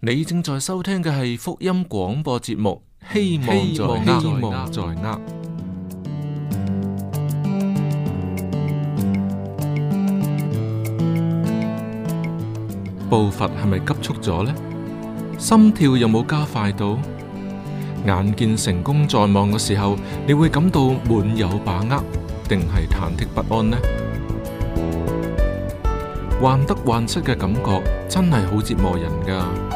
你正在收聽嘅係福音廣播節目，希望在握。步伐係咪急促咗呢？心跳有冇加快到？眼見成功在望嘅時候，你會感到滿有把握，定係忐忑不安呢？患得患失嘅感覺真係好折磨人噶。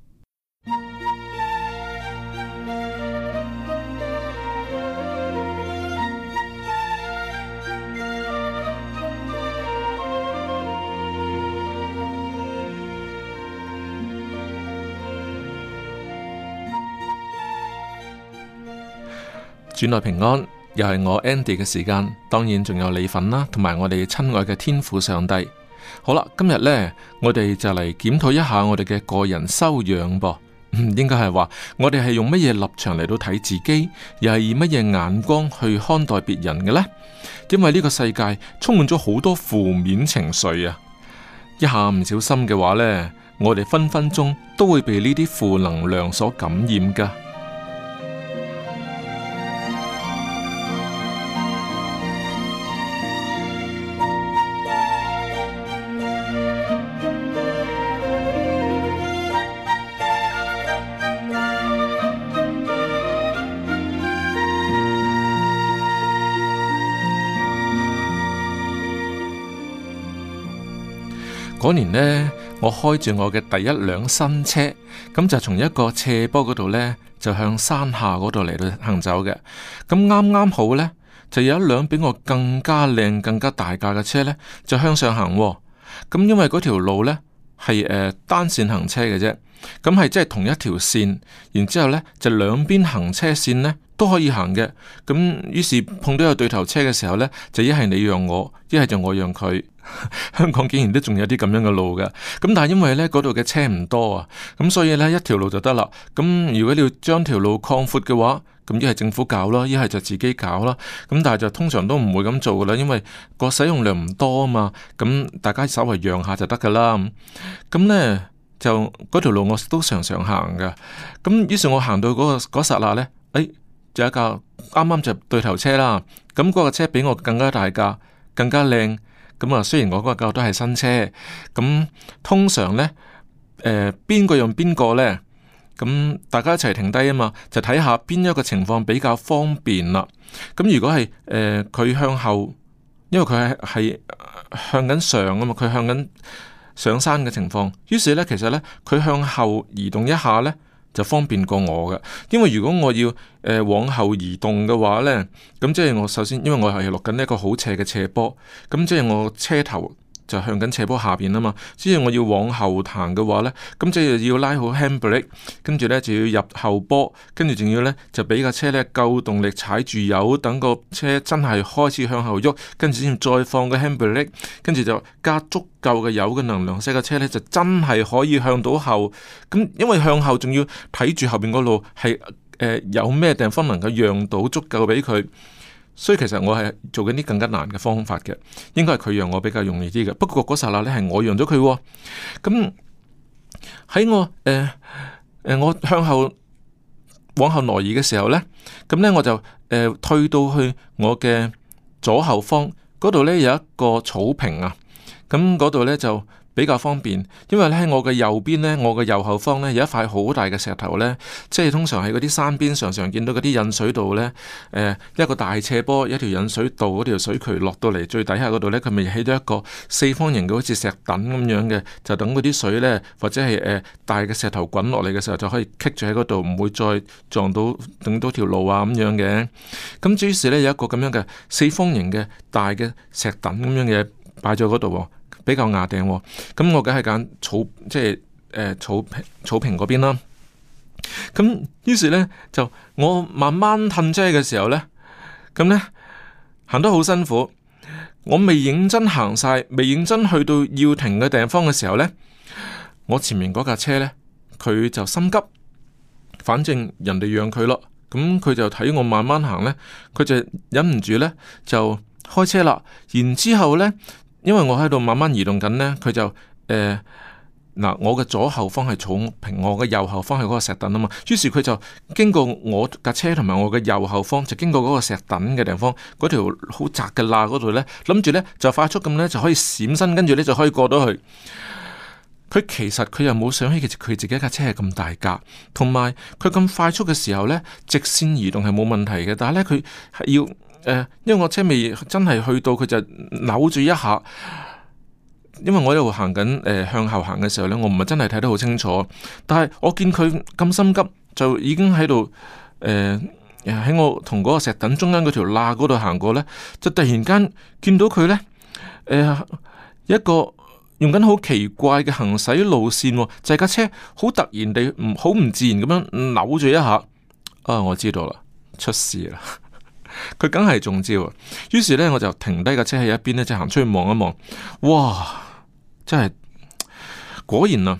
轉來平安，又係我 Andy 嘅時間，當然仲有你份啦，啊，同埋我哋親愛嘅天父上帝。好啦，今日呢，我哋就嚟檢討一下我哋嘅個人修養噃，應該係話我哋係用乜嘢立場嚟到睇自己，又係以乜嘢眼光去看待別人嘅呢？因為呢個世界充滿咗好多負面情緒啊！一下唔小心嘅話呢，我哋分分鐘都會被呢啲負能量所感染噶。然後呢，我開住我嘅第一輛新車，咁就從一個斜坡嗰度呢，就向山下嗰度嚟到行走嘅。咁啱啱好呢，就有一輛比我更加靚、更加大架嘅車呢，就向上行、哦。咁因為嗰條路呢，係誒、呃、單線行車嘅啫，咁係即係同一條線，然之後咧就兩邊行車線呢，都可以行嘅。咁於是碰到有對頭車嘅時候呢，就一係你讓我，一係就我讓佢。 香港竟然都仲有啲咁樣嘅路㗎，咁但係因為呢嗰度嘅車唔多啊，咁所以呢一條路就得啦。咁如果你要將條路擴闊嘅話，咁一係政府搞囉，一係就自己搞啦。咁但係就通常都唔會咁做噶啦，因為個使用量唔多啊嘛。咁大家稍微讓下就得噶啦。咁呢就嗰條路我都常常行噶。咁於是我行到嗰、嗰個嗰剎那呢，誒、哎，有一剛剛就一架啱啱就對頭車啦。咁嗰架車比我更加大架，更加靚。咁啊、嗯，雖然我嗰個教都係新車，咁、嗯、通常呢，誒、呃、邊個用邊個呢？咁、嗯、大家一齊停低啊嘛，就睇下邊一個情況比較方便啦。咁、嗯、如果係佢、呃、向後，因為佢係向緊上啊嘛，佢向緊上山嘅情況，於是呢，其實呢，佢向後移動一下呢。就方便過我嘅，因為如果我要，呃，往後移動嘅話呢，咁即係我首先，因為我係落緊一個好斜嘅斜坡，咁即係我車頭。就向緊斜坡下邊啊嘛！所以我要往後彈嘅話呢，咁即係要拉好 handbrake，跟住呢就要入後波，跟住仲要呢就俾架車呢夠動力踩住油，等個車真係開始向後喐，跟住先再放個 handbrake，跟住就加足夠嘅油嘅能量，使架車呢就真係可以向到後。咁因為向後仲要睇住後邊個路係、呃、有咩地方能夠讓到足夠俾佢。所以其實我係做緊啲更加難嘅方法嘅，應該係佢讓我比較容易啲嘅。不過嗰時候咧係我讓咗佢喎，咁、嗯、喺我誒誒、呃呃、我向後往後挪移嘅時候咧，咁、嗯、咧我就誒退、呃、到去我嘅左後方嗰度咧有一個草坪啊，咁嗰度咧就。比較方便，因為喺我嘅右邊呢，我嘅右後方呢，有一塊好大嘅石頭呢。即係通常喺嗰啲山邊常常見到嗰啲引水道呢，誒、呃、一個大斜坡，一條引水道，嗰條水渠落到嚟最底下嗰度呢，佢咪起咗一個四方形嘅好似石凳咁樣嘅，就等嗰啲水呢，或者係誒、呃、大嘅石頭滾落嚟嘅時候就可以棘住喺嗰度，唔會再撞到頂到條路啊咁樣嘅。咁於是呢，有一個咁樣嘅四方形嘅大嘅石凳咁樣嘅擺咗喺嗰度喎。比較牙定喎，咁我梗係揀草，即係誒草草坪嗰邊啦。咁於是呢，就我慢慢褪車嘅時候呢，咁呢，行得好辛苦。我未認真行晒，未認真去到要停嘅地方嘅時候呢，我前面嗰架車呢，佢就心急，反正人哋讓佢咯，咁佢就睇我慢慢行呢，佢就忍唔住呢，就開車啦。然之後呢。因為我喺度慢慢移動緊呢，佢就誒嗱、呃，我嘅左後方係草坪，我嘅右後方係嗰個石凳啊嘛。於是佢就經過我架車同埋我嘅右後方，就經過嗰個石凳嘅地方，嗰條好窄嘅罅嗰度呢，諗住呢就快速咁呢就可以閃身，跟住呢就可以過到去。佢其實佢又冇想起，其實佢自己架車係咁大架，同埋佢咁快速嘅時候呢，直線移動係冇問題嘅。但係呢，佢係要。因為我車未真係去到，佢就扭住一下。因為我一路行緊，向後行嘅時候呢，我唔係真係睇得好清楚。但係我見佢咁心急，就已經喺度，喺、呃、我同嗰個石墩中間嗰條罅嗰度行過呢，就突然間見到佢呢、呃，一個用緊好奇怪嘅行駛路線、哦，就係、是、架車好突然地好唔自然咁樣扭住一下。啊，我知道啦，出事啦！.佢梗係中招，啊。於是呢，我就停低架車喺一邊咧，即係行出去望一望，哇！真係果然啊，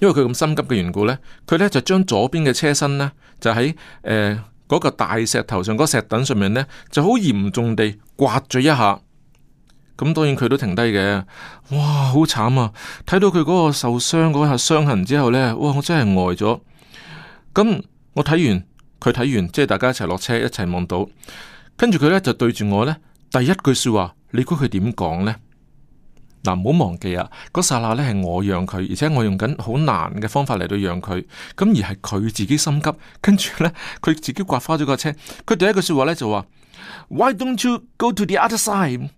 因為佢咁心急嘅緣故呢，佢呢就將左邊嘅車身呢，就喺呃嗰個大石頭上嗰個石等上面呢，就好嚴重地刮咗一下。咁當然佢都停低嘅，哇！好慘啊！睇到佢嗰個受傷嗰下傷痕之後呢，哇！我真係呆咗。咁我睇完。佢睇完，即係大家一齊落車，一齊望到，跟住佢呢，就對住我呢，第一句說話，你估佢點講呢？嗱，唔好忘記啊！嗰剎那呢係我讓佢，而且我用緊好難嘅方法嚟到讓佢，咁而係佢自己心急，跟住呢，佢自己刮花咗架車。佢第一句說話呢就話：Why don't you go to the other side？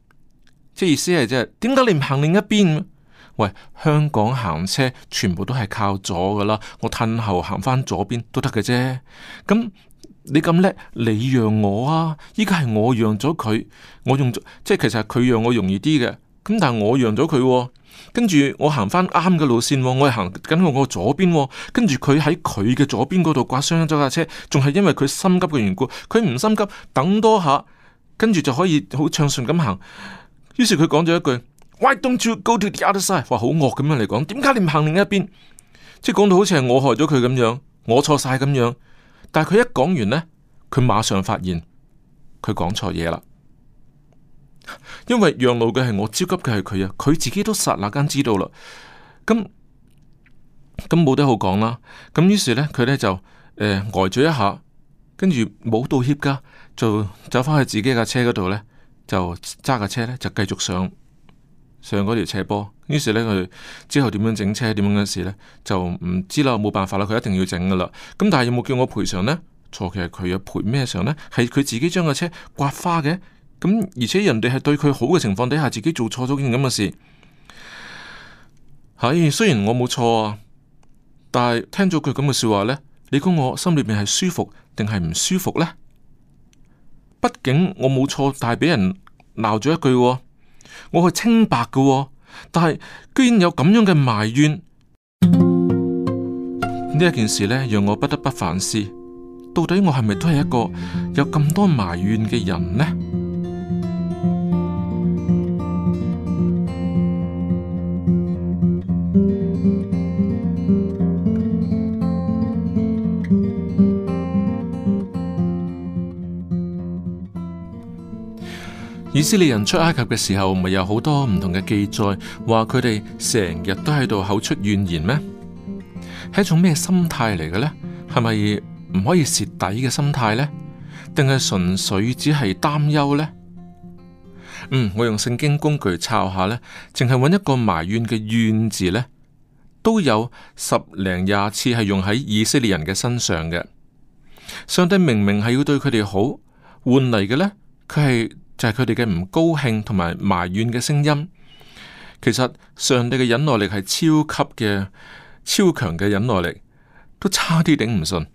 即係意思係即係點解你唔行另一邊？喂，香港行車全部都係靠左噶啦，我褪後行翻左邊都得嘅啫。咁、嗯、你咁叻，你讓我啊？依家係我讓咗佢，我用咗，即係其實係佢讓我容易啲嘅。咁但係我讓咗佢，啊，跟住我行翻啱嘅路線，啊，我係行緊我我左邊，啊，跟住佢喺佢嘅左邊嗰度刮傷咗架車，仲係因為佢心急嘅緣故，佢唔心急，等多下，跟住就可以好暢順咁行。於是佢講咗一句。Why don't you go to the other side? 哇，好惡咁樣嚟講，點解你唔行另一邊？即係講到好似係我害咗佢咁樣，我錯晒咁樣。但係佢一講完呢，佢馬上發現佢講錯嘢啦。因為讓路嘅係我，焦急嘅係佢啊！佢自己都剎那間知道啦。咁咁冇得好講啦。咁於是呢，佢呢就誒呆咗一下，跟住冇道歉噶，就走翻去自己架車嗰度呢，就揸架車呢，就繼續上。上嗰條斜坡，於是呢，佢之後點樣整車點樣嘅事呢，就唔知啦，冇辦法啦，佢一定要整噶啦。咁但係有冇叫我賠償呢？錯嘅係佢要賠咩償呢？咧？係佢自己將個車刮花嘅。咁而且人哋係對佢好嘅情況底下，自己做錯咗件咁嘅事。係、哎、雖然我冇錯啊，但係聽咗句咁嘅說話呢，你估我心裏面係舒服定係唔舒服呢？畢竟我冇錯，但係俾人鬧咗一句、哦。我係清白嘅，但係居然有咁樣嘅埋怨，呢一 件事呢，讓我不得不反思，到底我係咪都係一個有咁多埋怨嘅人呢？以色列人出埃及嘅時候，咪有好多唔同嘅記載，話佢哋成日都喺度口出怨言咩？係一種咩心態嚟嘅呢？係咪唔可以蝕底嘅心態呢？定係純粹只係擔憂呢？嗯，我用聖經工具抄下呢，淨係揾一個埋怨嘅怨字呢，都有十零廿次係用喺以色列人嘅身上嘅。上帝明明係要對佢哋好，換嚟嘅呢，佢係。就係佢哋嘅唔高興同埋埋怨嘅聲音，其實上帝嘅忍耐力係超級嘅、超強嘅忍耐力，都差啲頂唔順，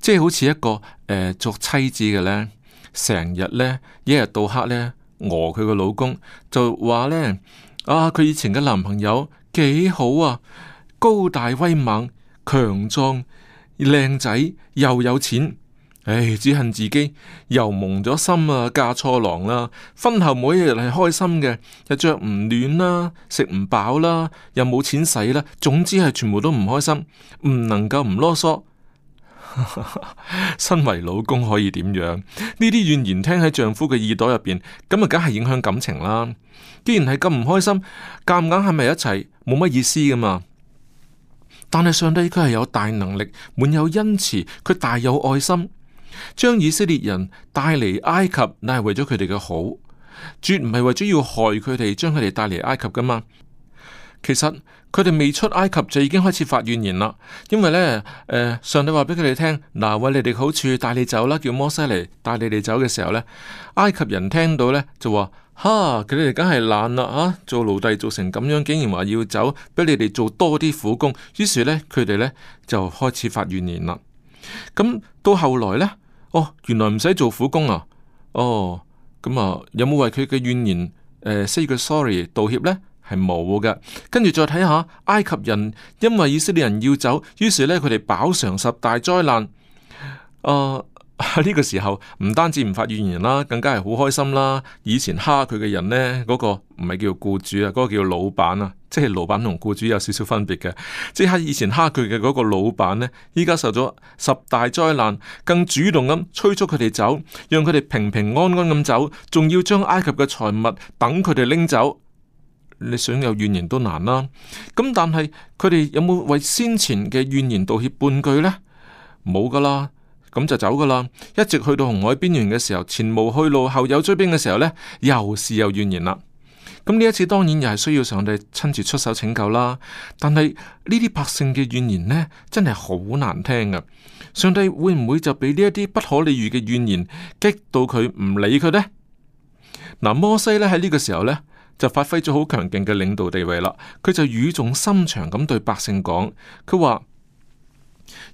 即係好似一個誒、呃、做妻子嘅咧，成日咧一日到黑咧，訛佢嘅老公就話咧啊，佢以前嘅男朋友幾好啊，高大威猛、強壯、靚仔又有錢。唉，只恨自己又蒙咗心啊，嫁錯郎啦，啊！婚後每一日係開心嘅，又着唔暖啦，啊，食唔飽啦，又冇錢使啦，啊，總之係全部都唔開心，唔能夠唔囉嗦。 身為老公可以點樣？呢啲怨言聽喺丈夫嘅耳朵入邊，咁啊，梗係影響感情啦。既然係咁唔開心，夾硬喺埋一齊，冇乜意思㗎嘛。但係上帝佢係有大能力，滿有恩慈，佢大有愛心。將以色列人帶嚟埃及，乃係為咗佢哋嘅好，絕唔係為咗要害佢哋，將佢哋帶嚟埃及噶嘛。其實佢哋未出埃及就已經開始發怨言啦。因為呢，呃、上帝話俾佢哋聽，嗱，為你哋好處帶你走啦，叫摩西嚟帶你哋走嘅時候呢，埃及人聽到呢就話：哈，佢哋梗係難啦，吓，做奴隸做成咁樣，竟然話要走，俾你哋做多啲苦工。於是呢，佢哋呢就開始發怨言啦。咁到後來呢。哦，原來唔使做苦工啊！哦，咁啊，有冇為佢嘅怨言誒，say、呃、句 sorry 道歉呢？係冇嘅。跟住再睇下埃及人，因為以色列人要走，於是呢，佢哋飽嘗十大災難。誒、呃。呢個時候唔單止唔發怨言啦，更加係好開心啦！以前蝦佢嘅人呢，嗰個唔係叫僱主啊，嗰個叫老闆啊，即係老闆同僱主有少少分別嘅。即係以前蝦佢嘅嗰個老闆呢，依家受咗十大災難，更主動咁催促佢哋走，讓佢哋平平安安咁走，仲要將埃及嘅財物等佢哋拎走。你想有怨言都難啦。咁但係佢哋有冇為先前嘅怨言道歉半句呢？冇噶啦。咁就走噶啦，一直去到紅海邊緣嘅時候，前無去路，後有追兵嘅時候呢，又是有怨言啦。咁呢一次當然又係需要上帝親自出手拯救啦。但係呢啲百姓嘅怨言呢，真係好難聽啊！上帝會唔會就俾呢一啲不可理喻嘅怨言激到佢唔理佢呢？嗱、啊，摩西呢喺呢個時候呢，就發揮咗好強勁嘅領導地位啦，佢就語重心長咁對百姓講，佢話。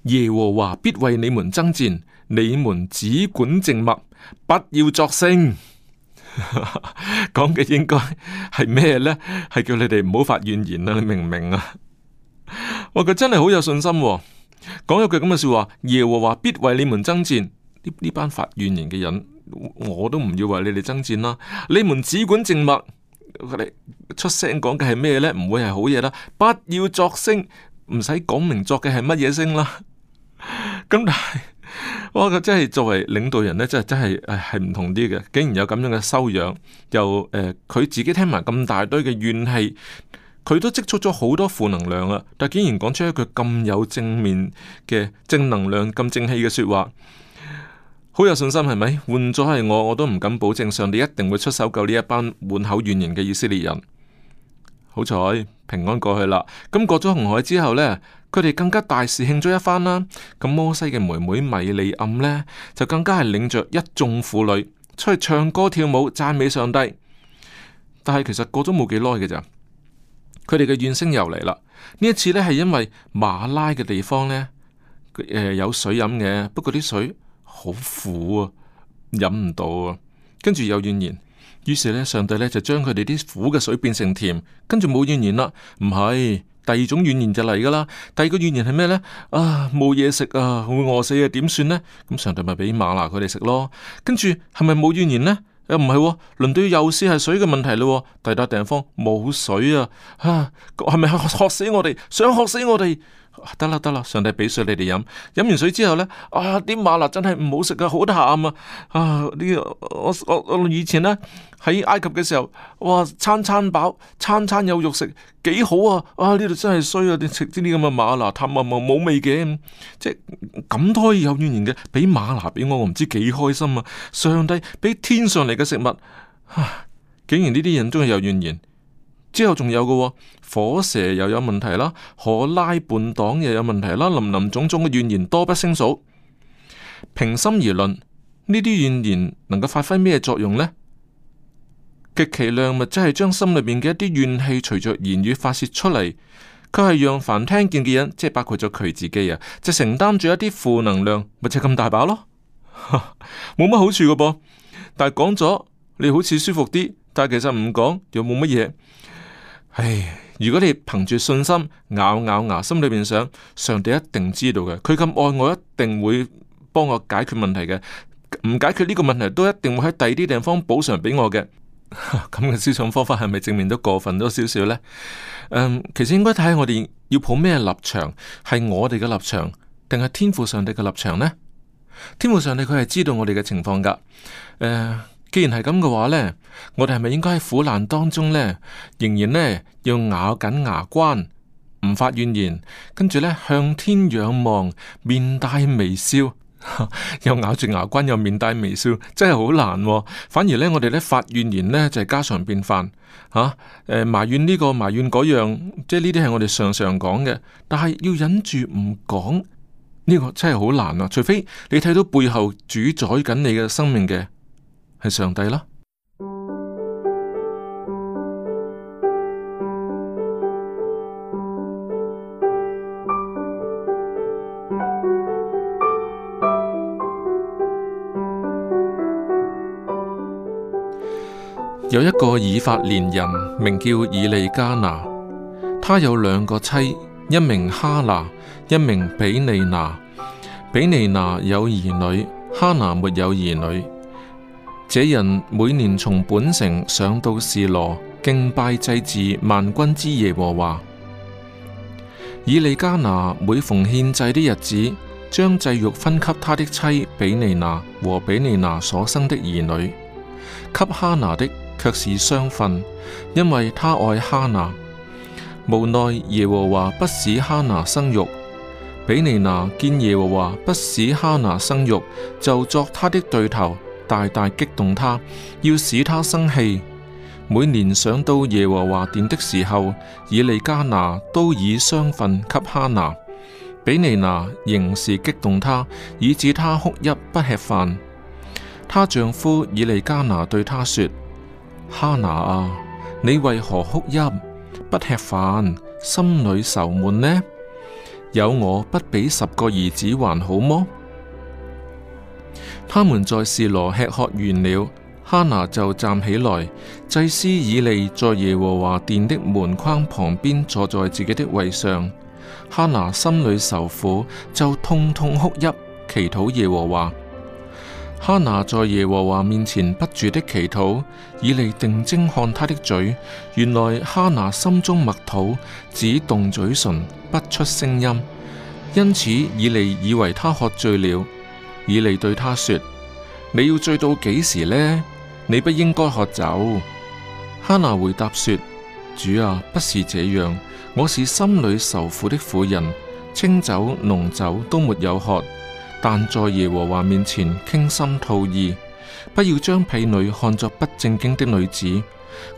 耶和華必為你們爭戰，你們只管靜默，不要作聲。講 嘅應該係咩呢？係叫你哋唔好發怨言啊，你明唔明啊？ 我佢真係好有信心，啊，講一句咁嘅說話。耶和華必為你們爭戰，呢呢班發怨言嘅人，我都唔要為你哋爭戰啦。 你們只管靜默，佢出聲講嘅係咩呢？唔會係好嘢啦，不要作聲。唔使講明作嘅係乜嘢聲啦，咁 但係我覺得真係作為領導人呢，真係真係係唔同啲嘅。竟然有咁樣嘅修養，又誒佢、呃、自己聽埋咁大堆嘅怨氣，佢都積蓄咗好多負能量啊！但竟然講出一句咁有正面嘅正能量、咁正氣嘅說話，好有信心係咪？換咗係我，我都唔敢保證上帝一定會出手救呢一班滿口怨言嘅以色列人。好彩平安過去啦，咁過咗紅海之後呢，佢哋更加大事慶祝一番啦。咁摩西嘅妹妹米利暗呢，就更加係領着一眾婦女出去唱歌跳舞讚美上帝。但係其實過咗冇幾耐嘅咋，佢哋嘅怨聲又嚟啦。呢一次呢，係因為馬拉嘅地方呢、呃，有水飲嘅，不過啲水好苦啊，飲唔到啊，跟住有怨言。於是咧，上帝咧就將佢哋啲苦嘅水變成甜，跟住冇怨言啦。唔係，第二種怨言就嚟噶啦。第二個怨言係咩咧？啊，冇嘢食啊，會餓死嘅啊，點算咧？咁上帝咪俾馬拿佢哋食咯。跟住係咪冇怨言咧？又唔係，輪到幼獅係水嘅問題咯。第笪地方冇水啊，啊，係咪渴死我哋？想渴死我哋？得啦得啦，上帝畀水你哋飲，飲完水之後呢，啊啲馬辣真係唔好食噶、啊，好淡啊！啊呢、這個我我我以前呢，喺埃及嘅時候，哇餐餐飽，餐餐有肉食，幾好啊！啊呢度真係衰啊！你食啲呢咁嘅馬辣，淡啊冇味嘅，即係咁都可以有怨言嘅，畀馬辣畀我，我唔知幾開心啊！上帝畀天上嚟嘅食物，啊竟然呢啲人都係有怨言。之後仲有嘅、哦，火蛇又有問題啦，可拉半黨又有問題啦，林林種種嘅怨言多不勝數。平心而論，呢啲怨言能夠發揮咩作用呢？極其量物，即係將心裏面嘅一啲怨氣，隨着言語發泄出嚟，佢係讓凡聽見嘅人，即係包括咗佢自己啊，就承擔住一啲負能量，咪就咁大把咯，冇乜好處嘅噃。但係講咗，你好似舒服啲，但係其實唔講又冇乜嘢。有唉，如果你憑住信心，咬咬牙，心裏邊想上帝一定知道嘅，佢咁愛我，一定會幫我解決問題嘅，唔解決呢個問題都一定會喺第二啲地方補償俾我嘅，咁嘅思想方法係咪正面都過分多少少呢、嗯？其實應該睇下我哋要抱咩立場，係我哋嘅立場，定係天父上帝嘅立場呢？天父上帝佢係知道我哋嘅情況噶，呃既然係咁嘅話呢，我哋係咪應該喺苦難當中呢？仍然呢，要咬緊牙關，唔發怨言，跟住呢，向天仰望，面帶微笑， 又咬住牙關，又面帶微笑，真係好難，哦。反而呢，我哋呢發怨言呢，就係、是、家常便飯。吓，啊呃，埋怨呢個、這個埋怨嗰樣，即係呢啲係我哋常常講嘅，但係要忍住唔講，呢，這個真係好難啊。除非你睇到背後主宰緊你嘅生命嘅。係上帝啦！有一個以法蓮人，名叫以利加拿，他有兩個妻，一名哈拿，一名比尼拿。比尼拿有兒女，哈拿沒有兒女。這人每年從本城上到示羅敬拜祭祀萬軍之耶和華。以利加拿每逢獻祭的日子，將祭肉分給他的妻比尼拿和比尼拿所生的兒女。給哈拿的卻是雙份，因為他愛哈拿。無奈耶和華不使哈拿生育。比尼拿見耶和華不使哈拿生育，就作他的對頭。大大激動他，要使他生氣。每年上到耶和華殿的時候，以利加拿都以雙份給哈拿。比尼拿仍是激動他，以致他哭泣不吃飯。她丈夫以利加拿對她說：哈拿啊，你為何哭泣不吃飯，心裏愁悶呢？有我不比十個兒子還好麼？他們在示羅吃喝完了，哈拿就站起來。祭司以利在耶和華殿的門框旁邊坐在自己的位上。哈拿心裏愁苦，就痛痛哭泣，祈禱耶和華。哈拿在耶和華面前不住的祈禱，以利定睛看他的嘴，原來哈拿心中默禱，只動嘴唇不出聲音，因此以利以為他喝醉了。以利對他說：你要醉到幾時呢？你不應該喝酒。哈拿回答說：主啊，不是這樣，我是心裏受苦的婦人，清酒濃酒都沒有喝，但在耶和華面前傾心吐意。不要將婢女看作不正經的女子。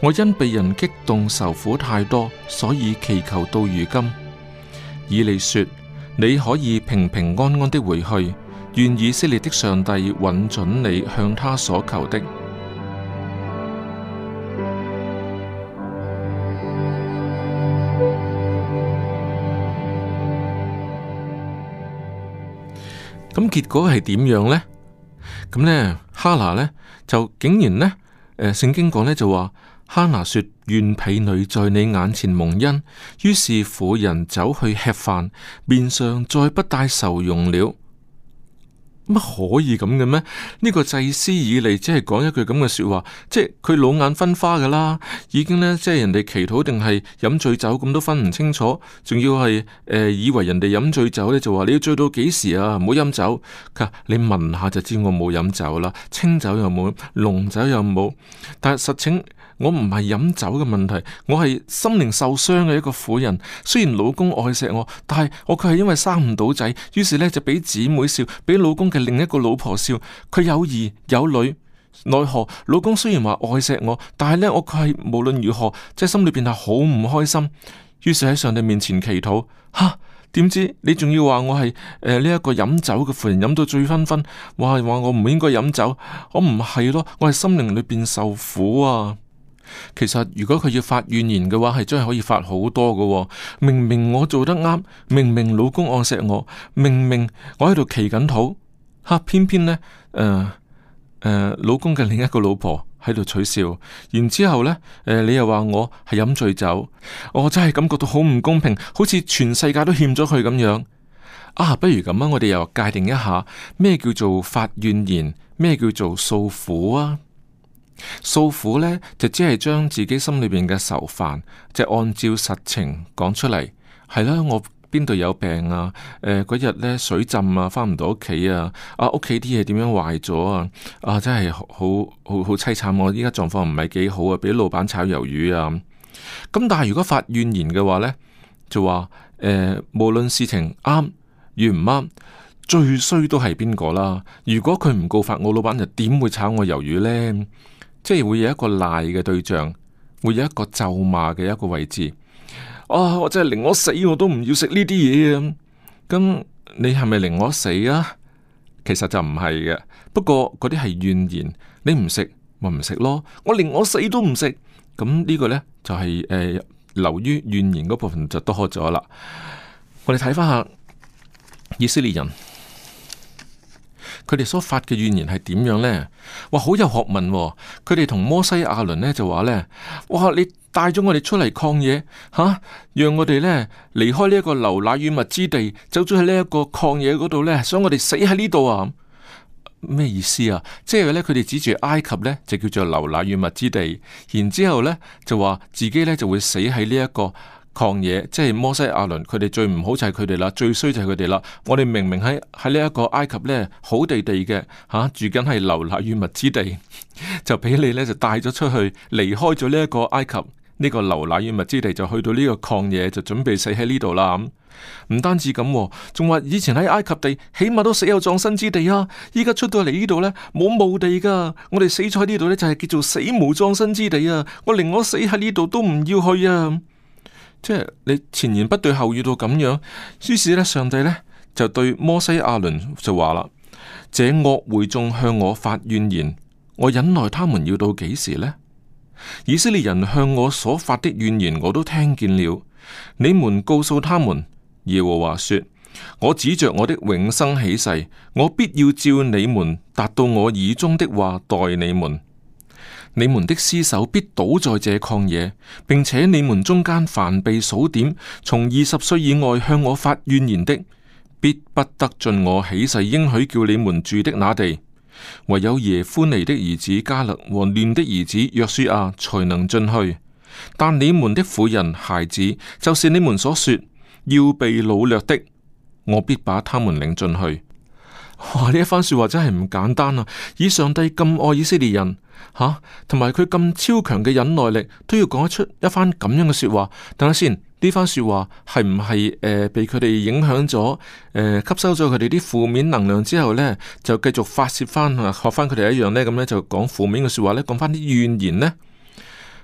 我因被人激動受苦太多，所以祈求到如今。以利說：你可以平平安安的回去。願以色列的上帝允准你向他所求的。咁、 嗯、結果係點樣呢？咁、嗯、呢，哈拿呢就竟然呢。誒、呃，聖經講呢就話，哈拿說願婢女在你眼前蒙恩。於是婦人走去吃飯，面上再不帶愁容了。乜可以咁嘅咩？呢、這個祭司以嚟即係講一句咁嘅說話，即係佢老眼昏花噶啦，已經呢，即係人哋祈禱定係飲醉酒咁都分唔清楚，仲要係誒、呃、以為人哋飲醉酒呢，就話你要醉到幾時啊？唔好飲酒，你聞下就知我冇飲酒啦，清酒又冇，濃酒又冇，但係實情。我唔係飲酒嘅問題，我係心靈受傷嘅一個婦人。雖然老公愛錫我，但係我佢係因為生唔到仔，於是呢就畀姊妹笑，畀老公嘅另一個老婆笑。佢有兒有女，奈何老公雖然話愛錫我，但係呢，我佢係無論如何即係心裏邊係好唔開心。於是喺上帝面前祈禱，吓點知你仲要話我係誒呢一個飲酒嘅婦人，飲到醉醺醺，哇話我唔應該飲酒，我唔係咯，我係心靈裏邊受苦啊。其實如果佢要發怨言嘅話，係真係可以發好多嘅、哦。明明我做得啱，明明老公愛錫我，明明我喺度祈緊禱，吓、啊，偏偏呢，誒、呃、誒、呃，老公嘅另一個老婆喺度取笑，然之後咧，誒、呃，你又話我係飲醉酒，我真係感覺到好唔公平，好似全世界都欠咗佢咁樣。啊，不如咁啊，我哋又界定一下咩叫做發怨言，咩叫做訴苦啊？訴苦呢，就只係將自己心裏邊嘅愁煩，即、就、係、是、按照實情講出嚟。係啦、啊，我邊度有病啊？嗰、呃、日呢，水浸啊，返唔到屋企啊？啊，屋企啲嘢點樣壞咗啊？啊，真係好好好，好淒慘、啊！我依家狀況唔係幾好啊，俾老闆炒魷魚啊！咁但係如果發怨言嘅話呢，就話誒、呃，無論事情啱與唔啱，最衰都係邊個啦？如果佢唔告發我，老闆又點會炒我魷魚呢？即係會有一個賴嘅對象，會有一個咒罵嘅一個位置。啊，我真係令我死，我都唔要食呢啲嘢啊！咁你係咪令我死啊？其實就唔係嘅，不過嗰啲係怨言。你唔食，咪唔食咯。我令我死都唔食。咁呢個呢，就係、是、誒、呃，流於怨言嗰部分就多咗啦。我哋睇翻下以色列人。佢哋所發嘅怨言係點樣呢？哇，好有學問、哦。佢哋同摩西亞倫呢就話呢，哇，你帶咗我哋出嚟曠野吓、啊，讓我哋呢離開呢一個流奶與蜜之地，走咗喺呢一個曠野嗰度呢，想我哋死喺呢度啊！咩、啊、意思啊？即係咧，佢哋指住埃及呢，就叫做流奶與蜜之地，然之後咧就話自己呢就會死喺呢一個。曠野，即係摩西、亞倫，佢哋最唔好就係佢哋啦，最衰就係佢哋啦。我哋明明喺喺呢一個埃及呢，好地地嘅吓，啊，住緊係流奶與蜜之地， 就俾你呢，就帶咗出去，離開咗呢一個埃及呢，這個流奶與蜜之地，就去到呢個曠野，就準備死喺呢度啦。唔單止咁，啊，仲話以前喺埃及地，起碼都死有葬身之地啊。依家出到嚟呢度呢，冇墓地噶。我哋死咗喺呢度呢，就係、是、叫做死無葬身之地啊！我寧我死喺呢度都唔要去啊！即係你前言不對後語到咁樣，於是呢，上帝呢，就對摩西亞倫就話啦：這惡會眾向我發怨言，我忍耐他們要到幾時呢？以色列人向我所發的怨言我都聽見了，你們告訴他們，耶和華說：我指着我的永生起誓，我必要照你們達到我耳中的話待你們。你們的屍首必倒在這曠野，並且你們中間凡被數點從二十歲以外向我發怨言的，必不得進我起誓應許叫你們住的那地。唯有耶夫尼的兒子加勒和嫩的兒子約書亞才能進去。但你們的婦人孩子，就是你們所說要被擄掠的，我必把他們領進去。哇！呢一番說話真係唔簡單啊！以上帝咁愛以色列人吓，同埋佢咁超強嘅忍耐力，都要講出一番咁樣嘅說話。等下先，呢番說話係唔係誒被佢哋影響咗？誒、呃，吸收咗佢哋啲負面能量之後咧，就繼續發洩翻啊，學翻佢哋一樣咧，咁咧就講負面嘅說話咧，講翻啲怨言咧。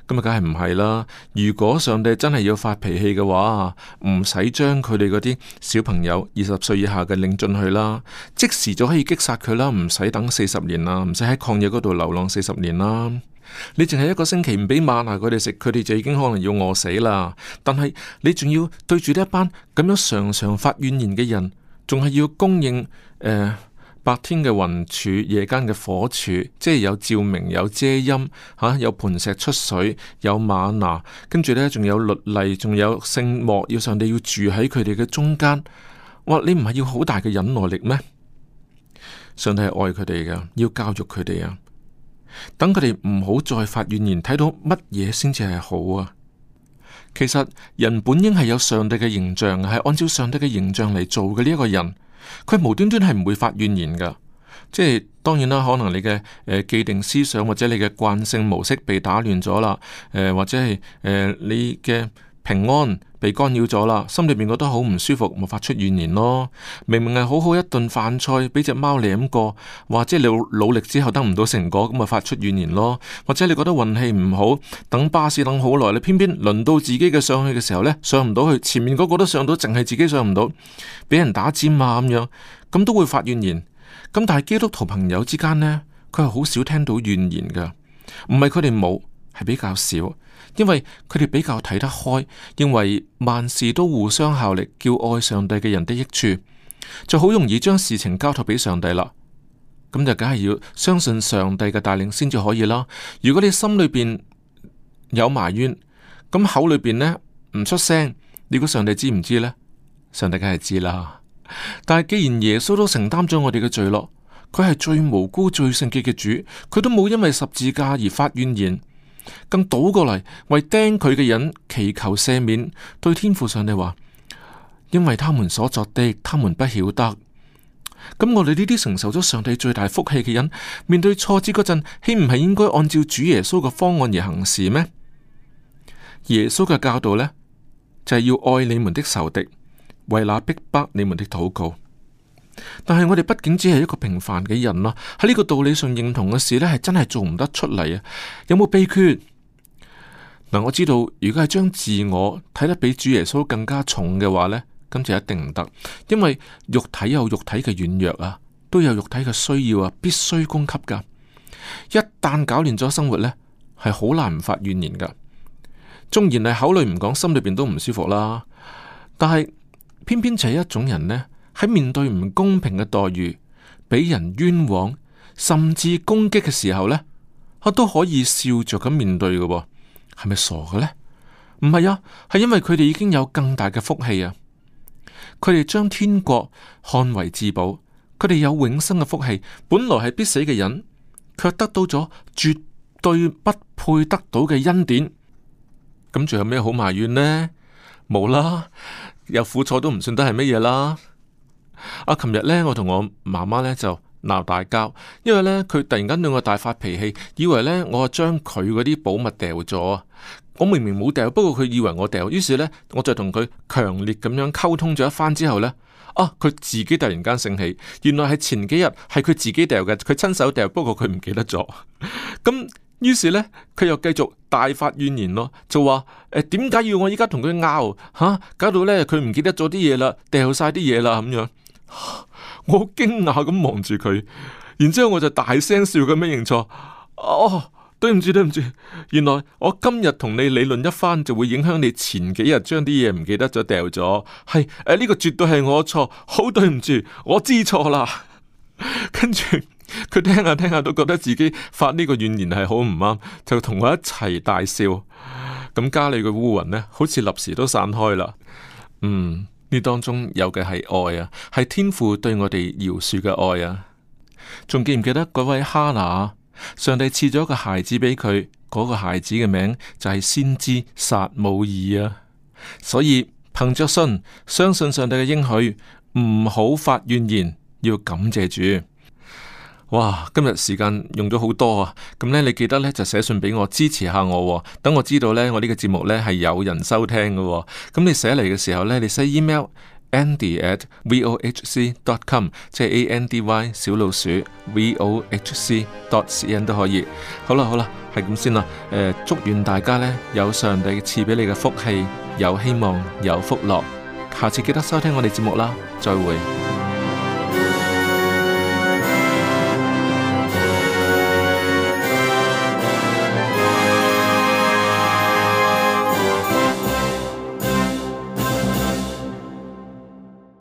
咁啊，梗係唔係啦！如果上帝真係要發脾氣嘅話，唔使將佢哋嗰啲小朋友二十歲以下嘅領進去啦，即時就可以擊殺佢啦，唔使等四十年啦，唔使喺曠野嗰度流浪四十年啦。你淨係一個星期唔畀瑪拿佢哋食，佢哋就已經可能要餓死啦。但係你仲要對住呢一班咁樣常常發怨言嘅人，仲係要供應誒。呃白天嘅雲柱，夜間嘅火柱，即係有照明，有遮陰，吓、啊、有磐石出水，有馬拿，跟住呢，仲有律例，仲有聖幕。要上帝要住喺佢哋嘅中間。哇！你唔係要好大嘅忍耐力咩？上帝係愛佢哋㗎，要教育佢哋啊，等佢哋唔好再發怨言。睇到乜嘢先至係好啊？其實人本應係有上帝嘅形象，係按照上帝嘅形象嚟做嘅呢一個人。佢無端端係唔會發怨言㗎，即係當然啦，可能你嘅誒、呃、既定思想或者你嘅慣性模式被打亂咗啦，誒、呃、或者係誒、呃、你嘅平安被干擾咗啦，心裏面覺得好唔舒服，咪發出怨言咯。明明係好好一頓飯菜俾隻貓舐過，或者你努力之後得唔到成果，咁咪發出怨言咯。或者你覺得運氣唔好，等巴士等好耐，你偏偏輪到自己嘅上去嘅時候呢，上唔到去，前面個個都上到，淨係自己上唔到，俾人打尖啊，咁樣，咁都會發怨言。咁但係基督徒朋友之間呢，佢係好少聽到怨言噶，唔係佢哋冇。係比較少，因為佢哋比較睇得開，認為萬事都互相效力，叫愛上帝嘅人得益處，就好容易將事情交託俾上帝啦。咁就梗係要相信上帝嘅帶領先至可以啦。如果你心裏邊有埋怨，咁口裏邊呢唔出聲，你估上帝知唔知呢？上帝梗係知啦。但係既然耶穌都承擔咗我哋嘅罪咯，佢係最無辜、最聖潔嘅主，佢都冇因為十字架而發怨言。更倒過嚟為釘佢嘅人祈求赦免，對天父上帝話：因為他們所作的，他們不曉得。咁我哋呢啲承受咗上帝最大福氣嘅人，面對挫折嗰陣，豈唔係應該按照主耶穌嘅方案而行事咩？耶穌嘅教導呢，就係要愛你們的仇敵，為那逼迫你們的禱告。但係我哋畢竟只係一個平凡嘅人啦，喺呢個道理上認同嘅事呢，係真係做唔得出嚟啊！有冇秘訣？嗱、嗯，我知道如果係將自我睇得比主耶穌更加重嘅話呢，咁就一定唔得，因為肉體有肉體嘅軟弱啊，都有肉體嘅需要啊，必須供給噶。一旦搞亂咗生活呢，係好難唔發怨言噶。縱然係考慮唔講，心裏邊都唔舒服啦。但係偏偏就係一種人呢。喺面對唔公平嘅待遇，俾人冤枉，甚至攻擊嘅時候呢，我都可以笑着咁面對嘅，係咪傻嘅呢？唔係啊，係因為佢哋已經有更大嘅福氣啊！佢哋將天國看為至寶，佢哋有永生嘅福氣，本來係必死嘅人，卻得到咗絕對不配得到嘅恩典。咁仲有咩好埋怨呢？冇啦，有苦楚都唔算得係乜嘢啦。啊！琴日咧，我同我媽媽咧就鬧大交，因為咧佢突然間對我大發脾氣，以為咧我將佢嗰啲寶物掉咗啊！我明明冇掉，不過佢以為我掉，於是咧我就同佢強烈咁樣溝通咗一番之後咧，啊，佢自己突然間醒起，原來係前幾日係佢自己掉嘅，佢親手掉，不過佢唔記得咗。咁於是咧，佢又繼續大發怨言咯，就話誒，點解要我依家同佢拗吓？搞到咧佢唔記得咗啲嘢啦，了了掉晒啲嘢啦咁樣。我好驚訝咁望住佢，然之後我就大聲笑咁樣認錯。哦，對唔住，對唔住，原來我今日同你理論一番，就會影響你前幾日將啲嘢唔記得咗掉咗。係呢、呃呢個絕對係我錯，好對唔住，我知錯啦。 跟住佢聽下聽下都覺得自己發呢個怨言係好唔啱，就同我一齊大笑。咁家裏嘅烏雲呢，好似立時都散開啦。嗯。呢當中有嘅係愛啊，係天父對我哋饒恕嘅愛啊，仲記唔記得嗰位哈拿？上帝賜咗個孩子畀佢，嗰、那個孩子嘅名就係先知撒母耳啊，所以憑着信相信上帝嘅應許，唔好發怨言，要感謝主。哇，今日時間用咗好多啊！咁呢，你記得呢就寫信俾我支持下我，啊，等我知道呢，我呢個節目呢係有人收聽嘅，啊。咁你寫嚟嘅時候呢，你寫 email andy at vohc dot com，即係 a n d y 小老鼠 v o h c dot c n 都可以。好啦好啦，係咁先啦。誒、呃，祝願大家呢有上帝賜俾你嘅福氣，有希望，有福樂。下次記得收聽我哋節目啦，再會。